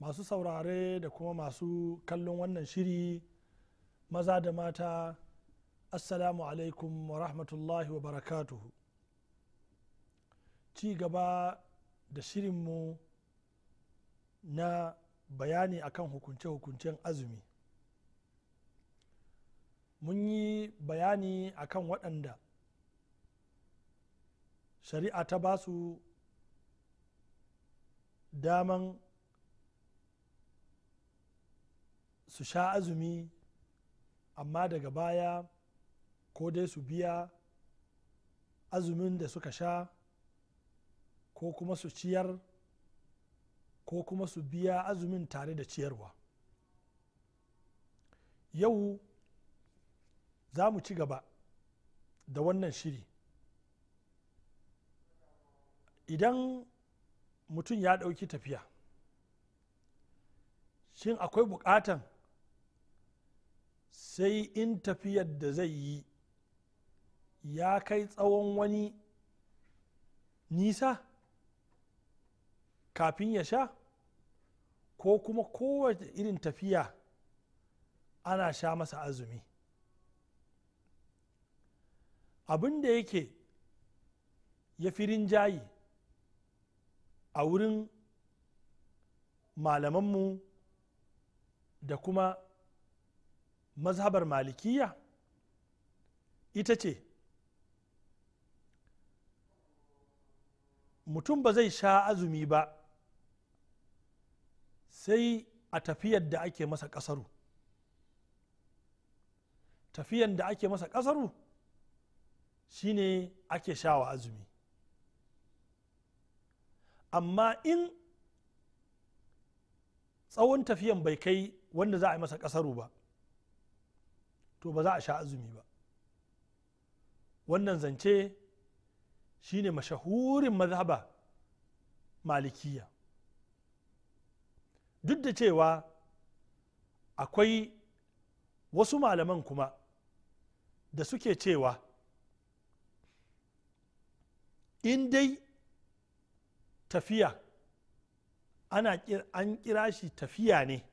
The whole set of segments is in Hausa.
masu saurare da kuma masu kallon wannan shiri maza da mata assalamu alaikum wa rahmatullahi wa barakatuhu ci gaba da shirinmu na bayani akan hukunce-hukuncen azumi mun yi bayani akan waɗanda shari'a ta basu daman su sha azumi amma daga baya ko dai su biya azumin da suka sha ko kuma su ciyar ko kuma su biya azumin tare da ciyarwa yau za mu ci gaba da wannan shiri idan mutum ya ɗauki tafiya shin akwai buƙatan sai in tafiyar da zai yi ya kai tsawon wani nisa kafin ya sha ko kuma kowace irin tafiya ana sha masa azumi abin da yake ya fi rinjayi a wurin malamanmu da kuma mazhabar malikiya ita ce mutum ba zai sha azumi ba sai a tafiyar da ake masa kasaru tafiyan da ake masa kasaru shine ake shawa azumi amma in tsawon tafiyan bai kai wanda za a yi masa kasaru ba to ba za a sha azumi ba wannan zance shine mashahurin mazhaba malikiya duk da cewa akwai wasu malaman kuma da suke cewa in dai tafiya ana an kira shi tafiya ne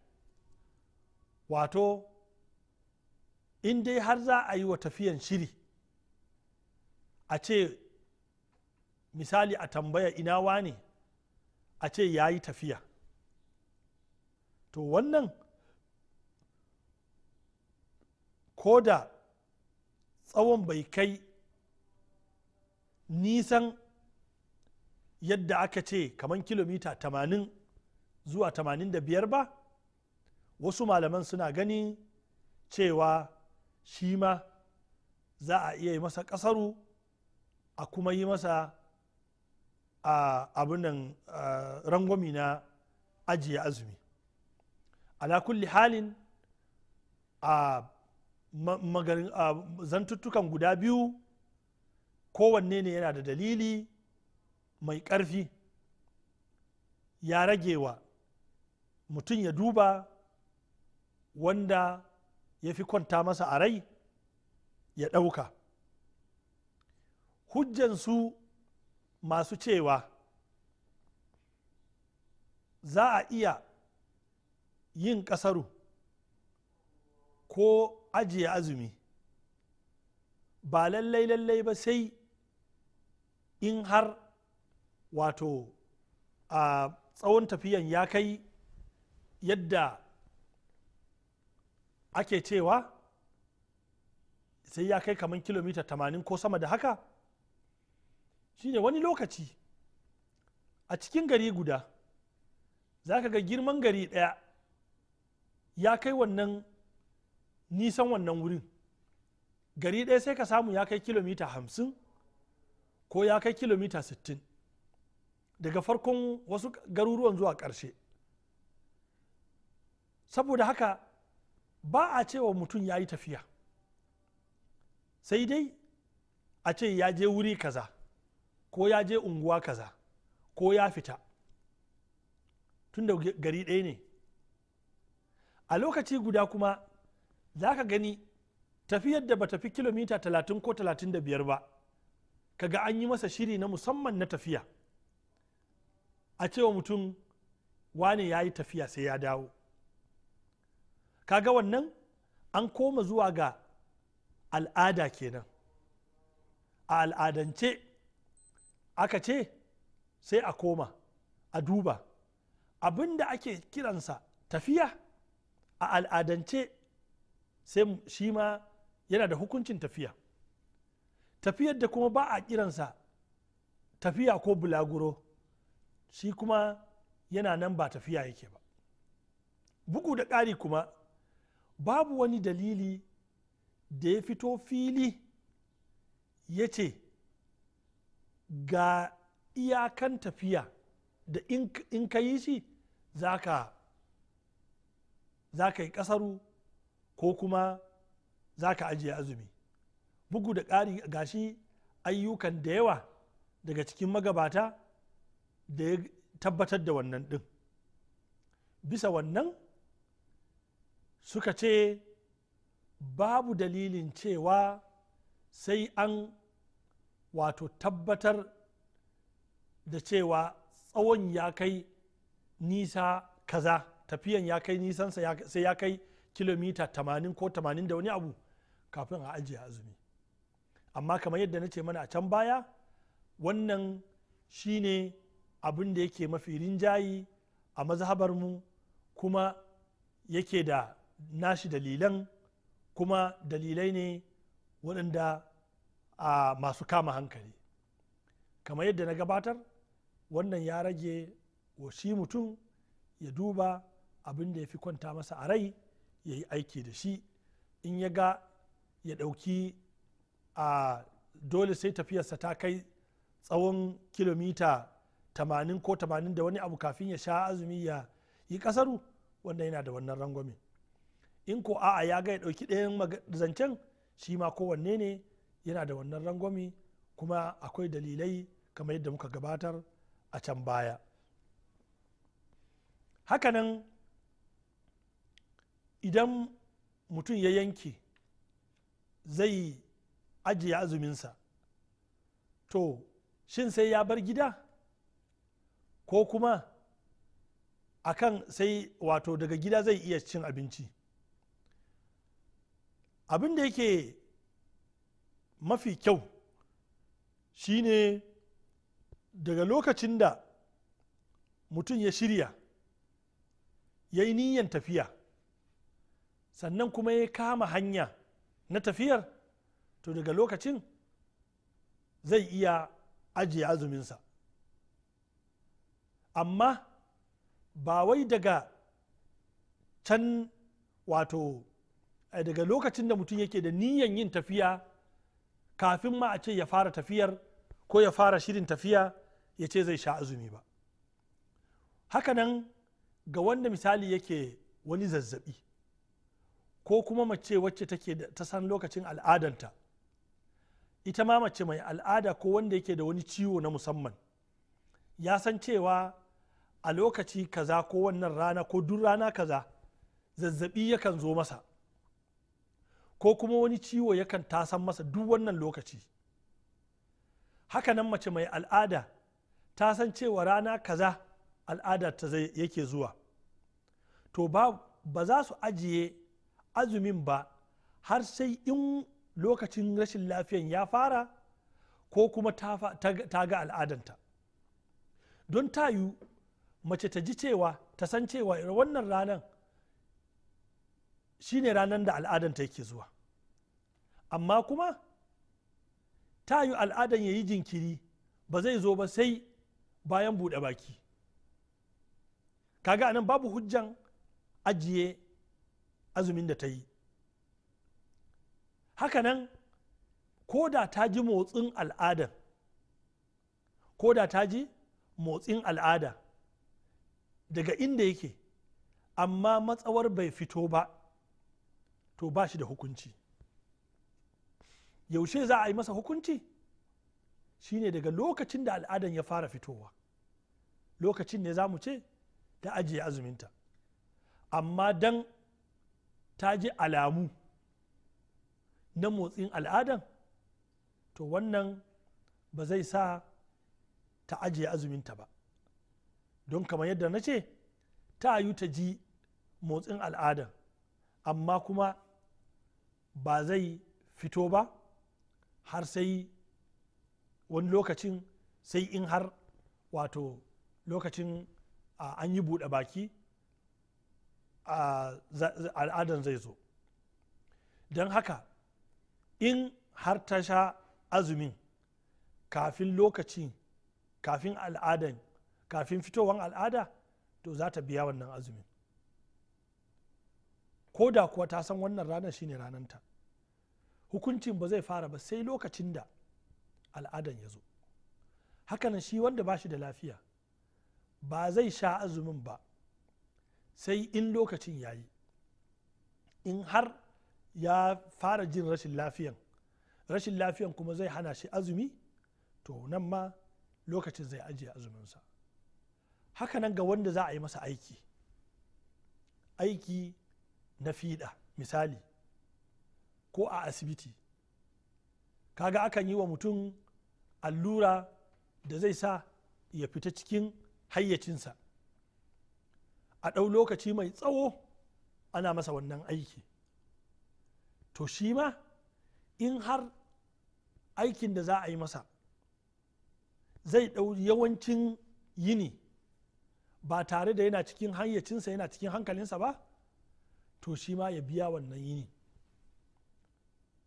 wato in dai har za a yi wa tafiyan shiri a ce misali a tambaya ina wane a ce ya yi tafiya to wannan ko da tsawon bai kai nisan yadda aka ce kamar kilomita 80 zuwa 85 ba wasu malaman suna gani cewa shi ma za a iya yi masa kasaru a kuma yi masa abin rangwami na ajiye azumi ala kulli halin a zantuttukan guda biyu kowanne ne yana da dalili mai ƙarfi ya ragewa mutum ya duba wanda ya fi kwanta masa a rai ya ɗauka hujjansu masu cewa za a iya yin ƙasaru ko ajiye azumi ba lallai lallai ba sai in har wato a tsawon tafiyan ya kai yadda ake cewa sai ya kai kamar kilomita tamanin ko sama da haka shine wani lokaci a cikin gari guda za ka ga girman gari ɗaya ya kai wannan nisan wannan wurin gari ɗaya sai ka samu ya kai kilomita hamsin ko ya kai kilomita sittin daga farkon wasu garuruwan zuwa ƙarshe saboda haka ba a cewa mutum ya yi tafiya sai dai a ce ya je wuri kaza ko ya je unguwa kaza ko ya fita tun da gari ɗaya ne a lokaci guda kuma za ka gani tafiyar da ba tafi kilomita 30 ko 35 ba kaga an yi masa shiri na musamman na tafiya a cewa mutum wane ya yi tafiya sai ya dawo kaga wannan an koma zuwa ga al'ada kenan a al'adance aka ce sai a koma a duba abin da ake kiransa tafiya a al'adance sai shi ma yana da hukuncin tafiya tafiyar da kuma ba a kiransa tafiya ko bulaguro shi kuma yana nan ba tafiya yake ba bugu da ƙari kuma babu wani dalili da ya fito fili ya ce ga iyakan tafiya da in ka yi shi za ka yi kasaru ko kuma za ka ajiye azumi bugu da ƙari gashi ayyukan da yawa daga cikin magabata da ya tabbatar da wannan ɗin bisa wannan suka ce babu dalilin cewa sai an wato tabbatar da cewa tsawon ya kai nisa kaza tafiyan ya kai nisansa sai ya kai kilomita 80 ko 80 da wani abu kafin a ajiye azumi amma kamar yadda na ce mana a can baya wannan shine abin da yake mafi rinjayi a mu kuma yake da nashi dalilan kuma dalilai ne waɗanda a masu kama hankali kamar yadda na gabatar wannan ya rage wa shi mutum ya duba abin da ya fi kwanta masa a rai ya yi aiki da shi in ya ga ya ɗauki a dole sai tafiyarsa ta kai tsawon kilomita 80 ko 80 da wani abu kafin ya sha azumi ya yi kasaru wanda yana da wannan rangwamin in ko a'a ya ga ya ɗauki ɗayan zancen shi ma kowanne ne yana da wannan rangwami kuma akwai dalilai kamar yadda muka gabatar a can baya hakanan idan mutum ya yanke zai ajiye azuminsa to shin sai ya bar gida ko kuma akan sai wato daga gida zai iya cin abinci abin da yake mafi kyau shine daga lokacin da mutum ya shirya ya yi niyyar tafiya sannan kuma ya kama hanya na tafiyar to daga lokacin zai iya ajiye azuminsa amma ba wai daga can wato Eh, daga lokacin da mutum yake da niyan yin tafiya kafin ma a ce ya fara tafiyar ko ya fara shirin tafiya ya ce zai sha azumi ba Haka nan, ga wanda misali yake wani zazzabi ko kuma mace wacce take ta san lokacin al'adanta ita ma mace mai al'ada ko wanda yake da wani ciwo na musamman ya san cewa a lokaci kaza ko wannan rana ko duk rana kaza zazzabi yakan zo masa ko kuma wani ciwo yakan tasan masa duk wannan lokaci haka nan mace mai al'ada ta san cewa rana kaza al'ada ta yake zuwa to ba za su ajiye azumin ba har sai in lokacin rashin lafiyan ya fara ko kuma ta ga al'adanta don tayu mace ta ji cewa ta san cewa wannan ranar shine ranar da ta yake zuwa amma kuma ta yi al'adan ya yi jinkiri ba zai zo ba sai bayan buɗe baki kaga anan babu hujjan ajiye azumin da ta yi hakanan ko da ta ji motsin al'adan ko da ta ji motsin al'ada daga inda yake amma matsawar bai fito ba to ba shi da hukunci yaushe za a yi masa hukunci shine daga lokacin da al'adan ya fara fitowa lokacin ne za mu ce ta ajiye azuminta amma dan ta ji alamu na motsin al'adan to wannan ba zai sa ta ajiye azuminta ba don kamar yadda na ce ta yi ta ji motsin al'adan amma kuma ba zai fito ba har sai wani lokacin sai in har wato lokacin an yi buɗe baki al'adan zai zo don haka in har ta sha azumin kafin lokaci kafin al'adan kafin fitowar al'ada to za ta biya wannan azumin ko da kuwa ta san wannan ranar shine rananta hukuncin ba zai fara ba sai lokacin da al'adan ya zo hakanan shi wanda ba shi da lafiya ba zai sha azumin ba sai in lokacin ya yi in har ya fara jin rashin lafiyan rashin lafiyan kuma zai hana shi azumi to nan ma lokacin zai ajiye azuminsa hakanan ga wanda za a yi masa aiki aiki na fiɗa misali ko a asibiti kaga akan yi wa mutum allura da zai sa ya fita cikin hayyacinsa a ɗau lokaci mai tsawo ana masa wannan aiki to shi ma in har aikin da za a yi masa zai ɗau yawancin yini ba tare da yana cikin hayyacinsa yana cikin hankalinsa ba to shi ma ya biya wannan yini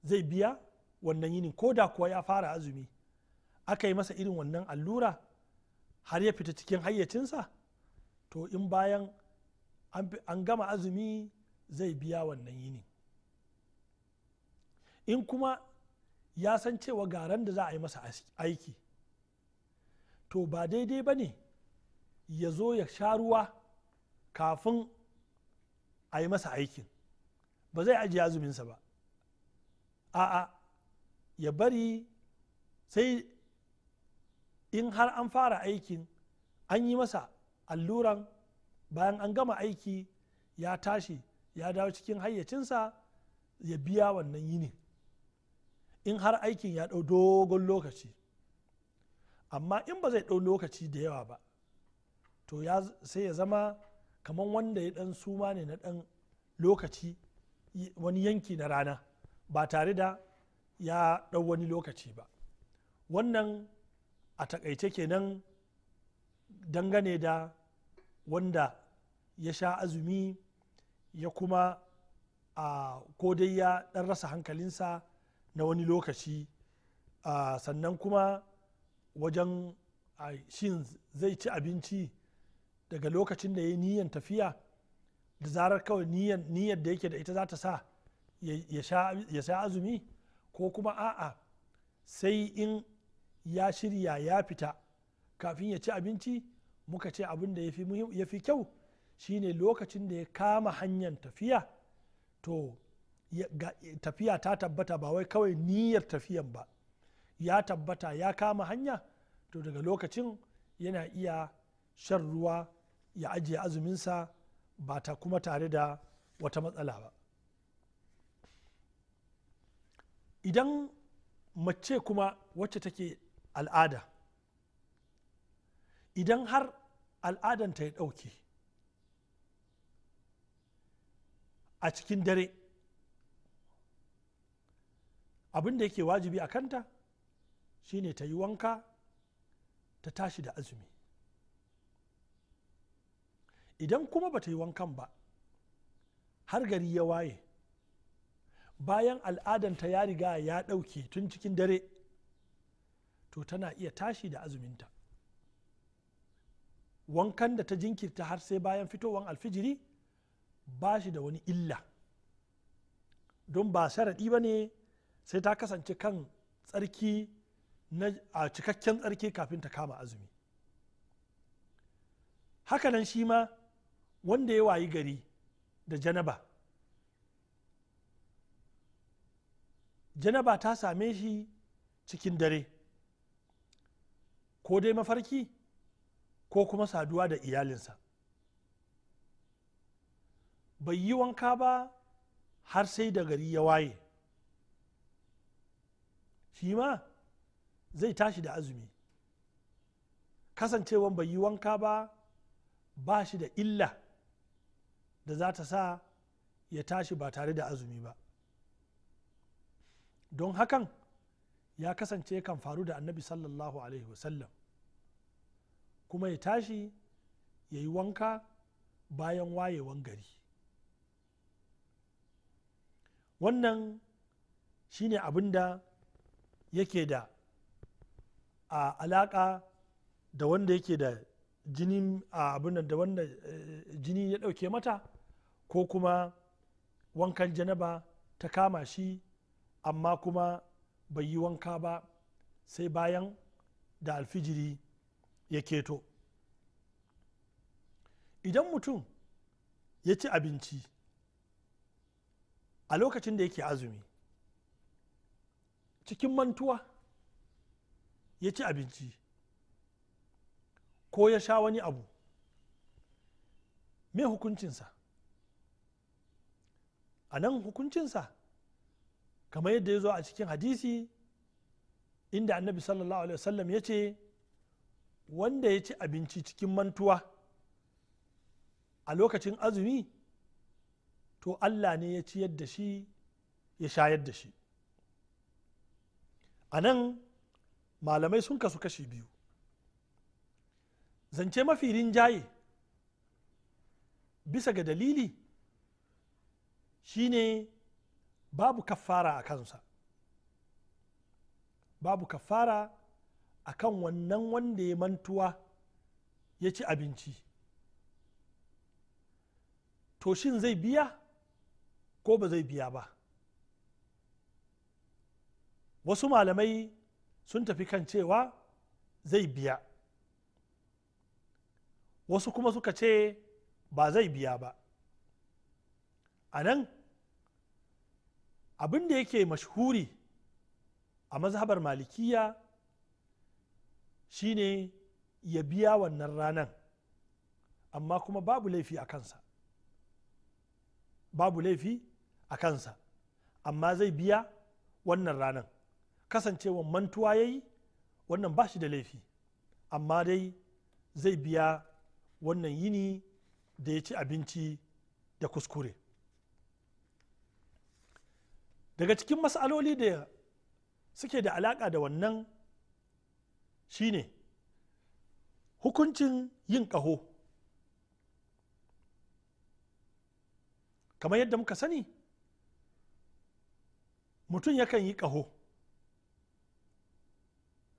zai biya wannan yini ko da kuwa ya fara azumi aka yi masa irin wannan allura har ya fita cikin hayyacinsa to in bayan an gama azumi zai biya wannan yini in kuma ya san cewa garan da za a yi masa aiki to ba daidai ba ne ya zo ya sha ruwa kafin a yi masa aikin ba zai ajiye azuminsa ba a'a ya bari sai in har an fara aikin an yi masa alluran bayan an gama aiki ya tashi ya dawo cikin hayyacinsa ya biya wannan yini in har aikin ya ɗau dogon lokaci amma in ba zai ɗau lokaci da yawa ba to sai ya zama kamar wanda ya dan suma ne na dan lokaci wani yanki na rana ba tare da ya ɗau wani lokaci ba wannan a takaice kenan dangane da wanda ya sha azumi ya kuma a dai ya ɗan rasa hankalinsa na wani lokaci sannan kuma wajen shin zai ci abinci daga lokacin da ya yi niyan tafiya da zarar kawai niyyar da yake da ita za ta sa ya sha azumi ko kuma a'a sai in ya shirya ya fita kafin ya ci abinci muka ce abin da ya fi kyau shine lokacin da ya kama hanyar tafiya to tafiya ta tabbata ba wai kawai niyyar tafiyan ba ya tabbata ya kama hanya to daga lokacin yana iya shan ruwa ya ajiye azuminsa ba ta kuma tare da wata matsala ba idan mace kuma wacce take al'ada idan har al'adan ta ya ɗauke a cikin dare abin da yake wajibi a kanta shine ta yi wanka ta tashi da azumi idan kuma ba ta yi wankan ba har gari ya waye bayan al'adanta ya riga ya ɗauke tun cikin dare to tana iya tashi da azuminta wankan da ta jinkirta har sai bayan fitowar alfijiri ba shi da wani illa don ba sharaɗi ba ne sai ta kasance kan tsarki na a cikakken tsarki kafin ta kama azumi hakanan shi ma wanda ya wayi gari da janaba janaba ta same shi cikin dare ko dai mafarki ko kuma saduwa da iyalinsa bai yi wanka ba har sai da gari ya waye shi ma zai tashi da azumi kasancewan bai yi wanka ba ba shi da illa da za ta sa ya tashi ba tare da azumi ba don hakan ya kasance kan faru da annabi sallallahu alaihi wasallam kuma ya tashi ya yi wanka bayan wayewan gari wannan shine abin da yake da a alaka da wanda yake da jini a da wanda eh, jini ya ɗauke mata ko kuma wankan janaba ta kama shi amma kuma bai yi wanka ba sai bayan da alfijiri ya keto idan mutum ya ci abinci a lokacin da yake azumi cikin mantuwa ya ci abinci ko ya sha wani abu me hukuncinsa a nan hukuncinsa kamar yadda ya zo a cikin hadisi inda annabi sallallahu alaihi wasallam ya ce wanda ya ci abinci cikin mantuwa a lokacin azumi to allah ne ya ci yadda shi ya shayar da shi a nan malamai sun kasu kashi biyu zance mafi rinjaye bisa ga dalili Shi ne babu kafara a kansa babu kafara a kan wannan wanda ya mantuwa ya ci abinci to shin zai biya ko ba zai biya ba wasu malamai sun tafi kan cewa zai biya wasu kuma suka ce ba zai biya ba a nan abin da yake mashhuri a mazhabar malikiya shine ya biya wannan ranan amma kuma babu laifi a kansa babu laifi a kansa amma zai biya wannan ranan kasancewa mantuwa ya yi wannan ba shi da laifi amma dai zai biya wannan yini da ya ci abinci da kuskure daga cikin masaloli da suke da alaƙa da wannan shine hukuncin yin ƙaho kamar yadda muka sani mutum yakan yi ƙaho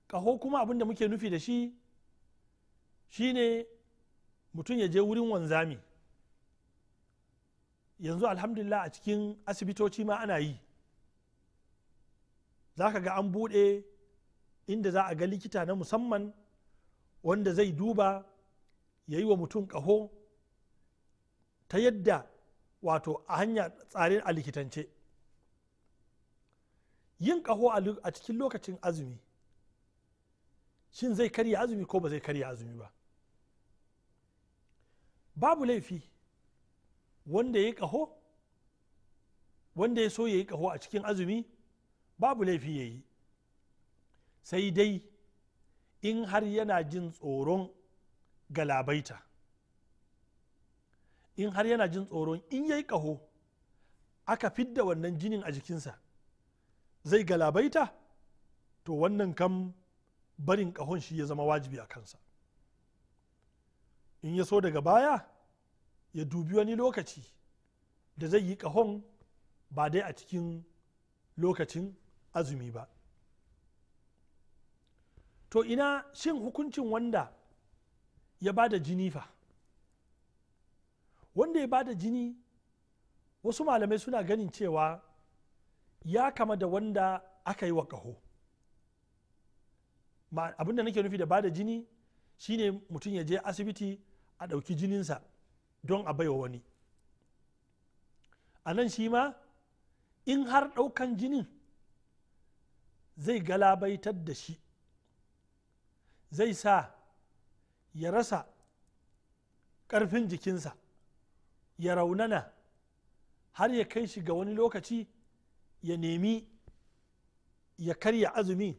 ƙaho kuma abin da muke nufi da shi shine mutum ya je wurin wanzami yanzu alhamdulillah a cikin asibitoci ma ana yi za ka ga an buɗe inda za a ga likita na musamman wanda zai duba ya yi wa mutum ƙaho ta yadda wato a hanya tsarin a likitance yin ƙaho a cikin lokacin azumi shin zai karya azumi ko ba zai karya azumi ba babu laifi wanda ya yi ƙaho wanda ya so ya yi ƙaho a cikin azumi babu laifi ya yi sai dai in har yana jin tsoron galabaita in har yana jin tsoron in yi ƙaho aka fidda wannan jinin a jikinsa zai galabaita to wannan kam barin ƙahon shi ya zama wajibi a kansa in ya so daga baya ya dubi wani lokaci da zai yi ƙahon ba dai a cikin lokacin azumi ba to ina shin hukuncin wanda ya ba da jini fa wanda ya ba da jini wasu malamai suna ganin cewa ya kama da wanda aka yi wa kaho abinda nake nufi da ba da jini shine mutum ya je asibiti a ɗauki jininsa don a baiwa wani a nan shi ma in har ɗaukan jinin zai galabaitar da shi zai sa ya rasa ƙarfin jikinsa ya raunana har ya kai shi ga wani lokaci ya nemi ya karya azumi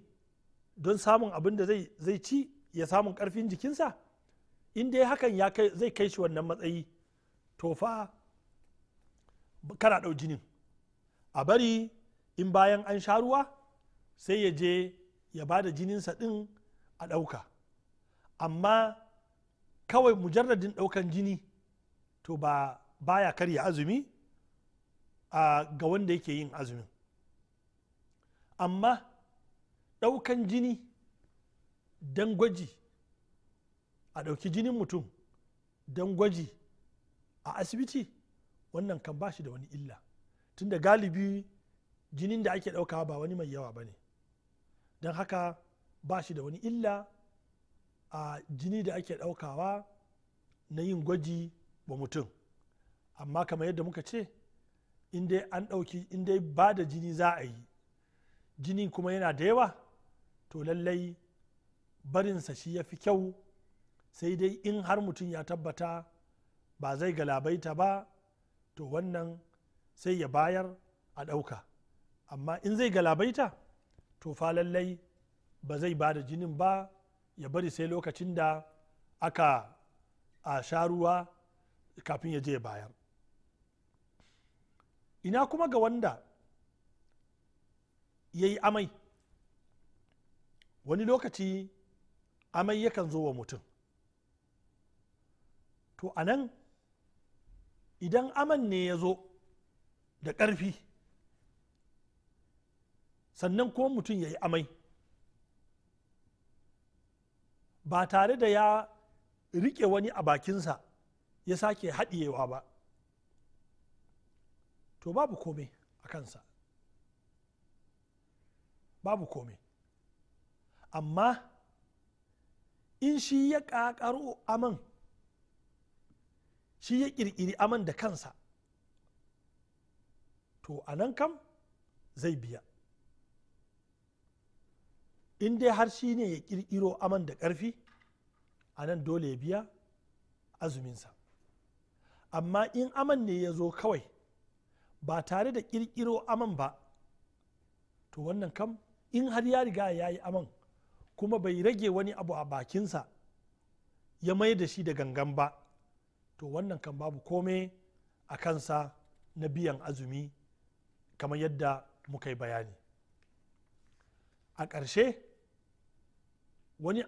don samun abin da zai ci ya samun ƙarfin jikinsa in dai hakan zai kai shi wannan matsayi to fa kana ɗau jinin a bari in bayan an sha ruwa sai ya je ya ba da jininsa ɗin a ɗauka amma kawai mujarradin ɗaukan jini to ba baya karya azumi a ga wanda yake yin azumin amma ɗaukan jini don gwaji a ɗauki jinin mutum dan gwaji a asibiti wannan kan bashi da wani illa tunda galibi jinin da ake ɗaukawa ba wani mai yawa ba ne don haka ba shi da wani illa a jini da ake ɗaukawa na yin gwaji wa mutum amma kamar yadda muka ce in dai an ɗauki in dai ba da jini za a yi jini kuma yana da yawa to lallai barinsa shi ya fi kyau sai dai in har mutum ya tabbata ba zai galabaita ba to wannan sai ya bayar a ɗauka amma in zai galabaita to fa lallai ba zai ba da jinin ba ya bari sai lokacin da aka a sha ruwa kafin ya je bayar ina kuma ga wanda ya yi amai wani lokaci amai yakan zo wa mutum to a nan idan aman ne ya zo da ƙarfi sannan ko mutum ya yi amai ba tare da ya rike wani a bakinsa ya sake haɗiyewa ba to babu komai a kansa babu komai amma in shi ya ƙaƙaro aman shi ya ƙirƙiri aman da kansa to a nan kam zai biya in dai har shi ne ya kirkiro aman da ƙarfi a nan dole ya biya azuminsa amma in aman ne ya zo kawai ba tare da kirkiro aman ba to wannan kam in har ya riga ya yi aman kuma bai rage wani abu a bakinsa ya mai da shi da gangan ba to wannan kan babu kome a kansa na biyan azumi kamar yadda muka yi bayani a ƙarshe wani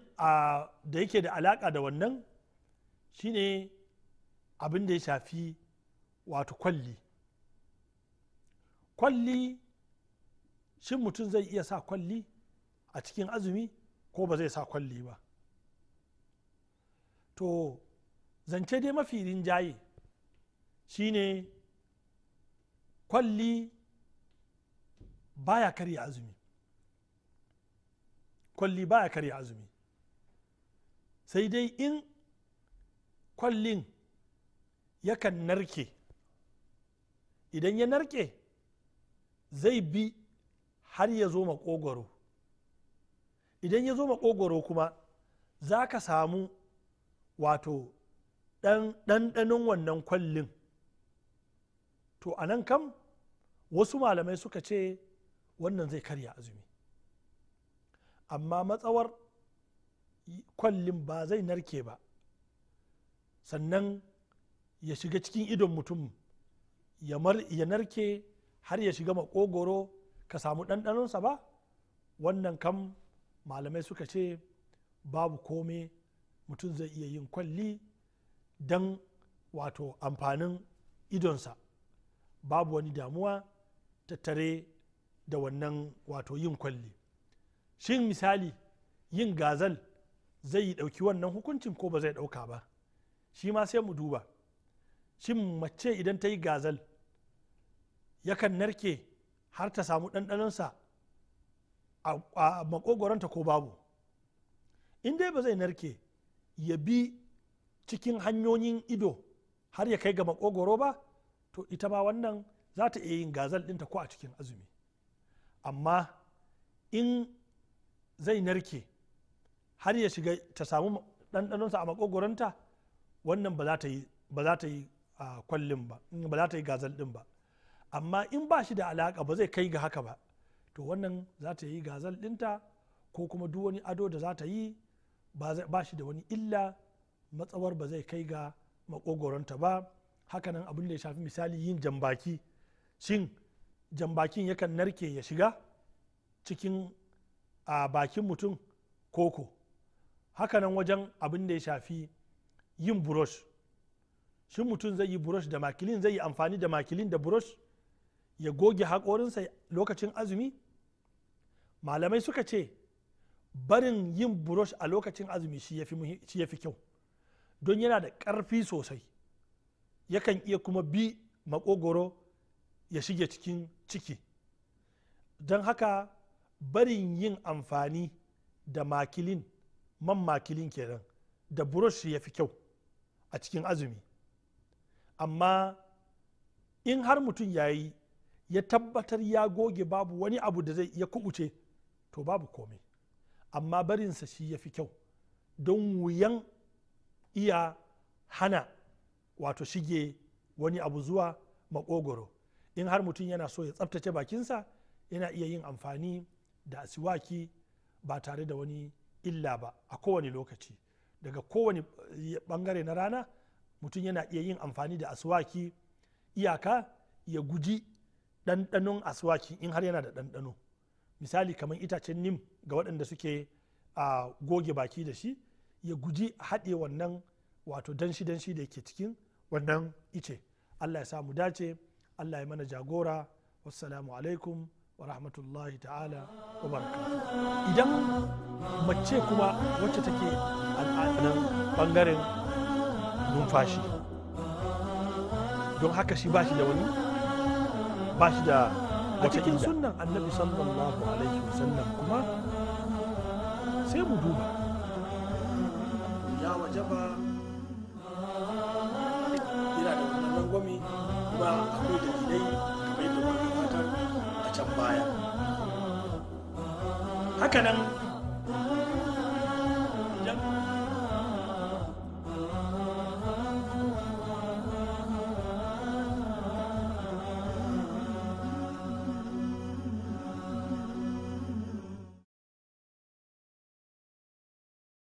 da yake da alaƙa da wannan shine abin da ya shafi wato kwalli kwalli shin mutum zai iya sa kwalli a cikin azumi ko ba zai sa kwalli ba to zance dai mafi rinjaye shine kwalli baya karya azumi kwalli ba baya karya azumi sai dai in kwallin yakan narke idan ya narke zai bi har ya zo makogoro idan ya zo makogoro kuma za ka samu wato ɗanɗanin wannan kwallin to a nan kam wasu malamai suka ce wannan zai karya azumi amma matsawar kwallin ba zai narke ba sannan ya shiga cikin idon mutum ya narke har ya shiga makogoro ka samu ɗanɗanonsa ba wannan kam malamai suka ce babu kome mutum zai iya yin kwalli don wato amfanin idonsa babu wani damuwa tattare da wannan wato yin kwalli shin misali yin gazal zai yi ɗauki wannan hukuncin ko ba zai ɗauka ba shi ma sai mu duba shin mace idan ta yi gazal yakan narke har ta samu ɗanɗanonsa a makogoronta ko babu in dai ba zai narke ya bi cikin hanyoyin ido har ya kai ga makogoro ba to ita ba wannan za ta iya yin gazal ɗinta ko a cikin azumi amma in zai narke har ya shiga ta samu ɗanɗanonsa a makogoranta wannan ba za ta yi kwallin ba ba za ta yi gazal ɗin ba amma in ba shi da alaƙa ba zai kai ga haka ba to wannan za ta yi gazal ɗinta ko kuma duk wani ado da za ta yi ba shi da wani illa matsawar ba zai kai ga makogoranta ba hakanan abin da ya shafi misali yin jambaki shin jambakin yakan narke ya shiga cikin a bakin mutum koko hakanan wajen abin da ya shafi yin burosh shi mutum zai yi burosh da makilin zai yi amfani da makilin da burosh ya goge haƙorinsa lokacin azumi malamai suka ce barin yin burosh a lokacin azumi shi ya fi kyau don yana da ƙarfi sosai yakan iya kuma bi makogoro ya shige cikin ciki don haka barin yin amfani da makilin man makilin kenan da burush ya fi kyau a cikin azumi amma in har mutum ya yi ya tabbatar ya goge babu wani abu da zai ya kubuce to babu komai amma barinsa shi ya fi kyau don wuyan iya hana wato shige wani abu zuwa makogoro in har mutum yana so ya tsabtace bakinsa yana iya yin amfani da asiwaki ba tare da wani illa ba a kowane lokaci daga kowane bangare eh, na rana mutum yana iya yin amfani da aswaki iyaka ya guji ɗanɗanon aswaki in har yana da ɗanɗano misali kamar itacen nim ga waɗanda suke a goge baki da shi ya guji haɗe wannan wato danshi danshi da ke cikin wannan ice allah ya samu dace allah ya mana jagora wassalamu alaikum wa rahmatullahi ta'ala wa baraka idan mace kuma wacce take al'adunan bangaren numfashi don haka shi ba shi da wani ba shi da a cikin sunnan annabi sallallahu alaihi wasallam kuma sai mu duba hakanan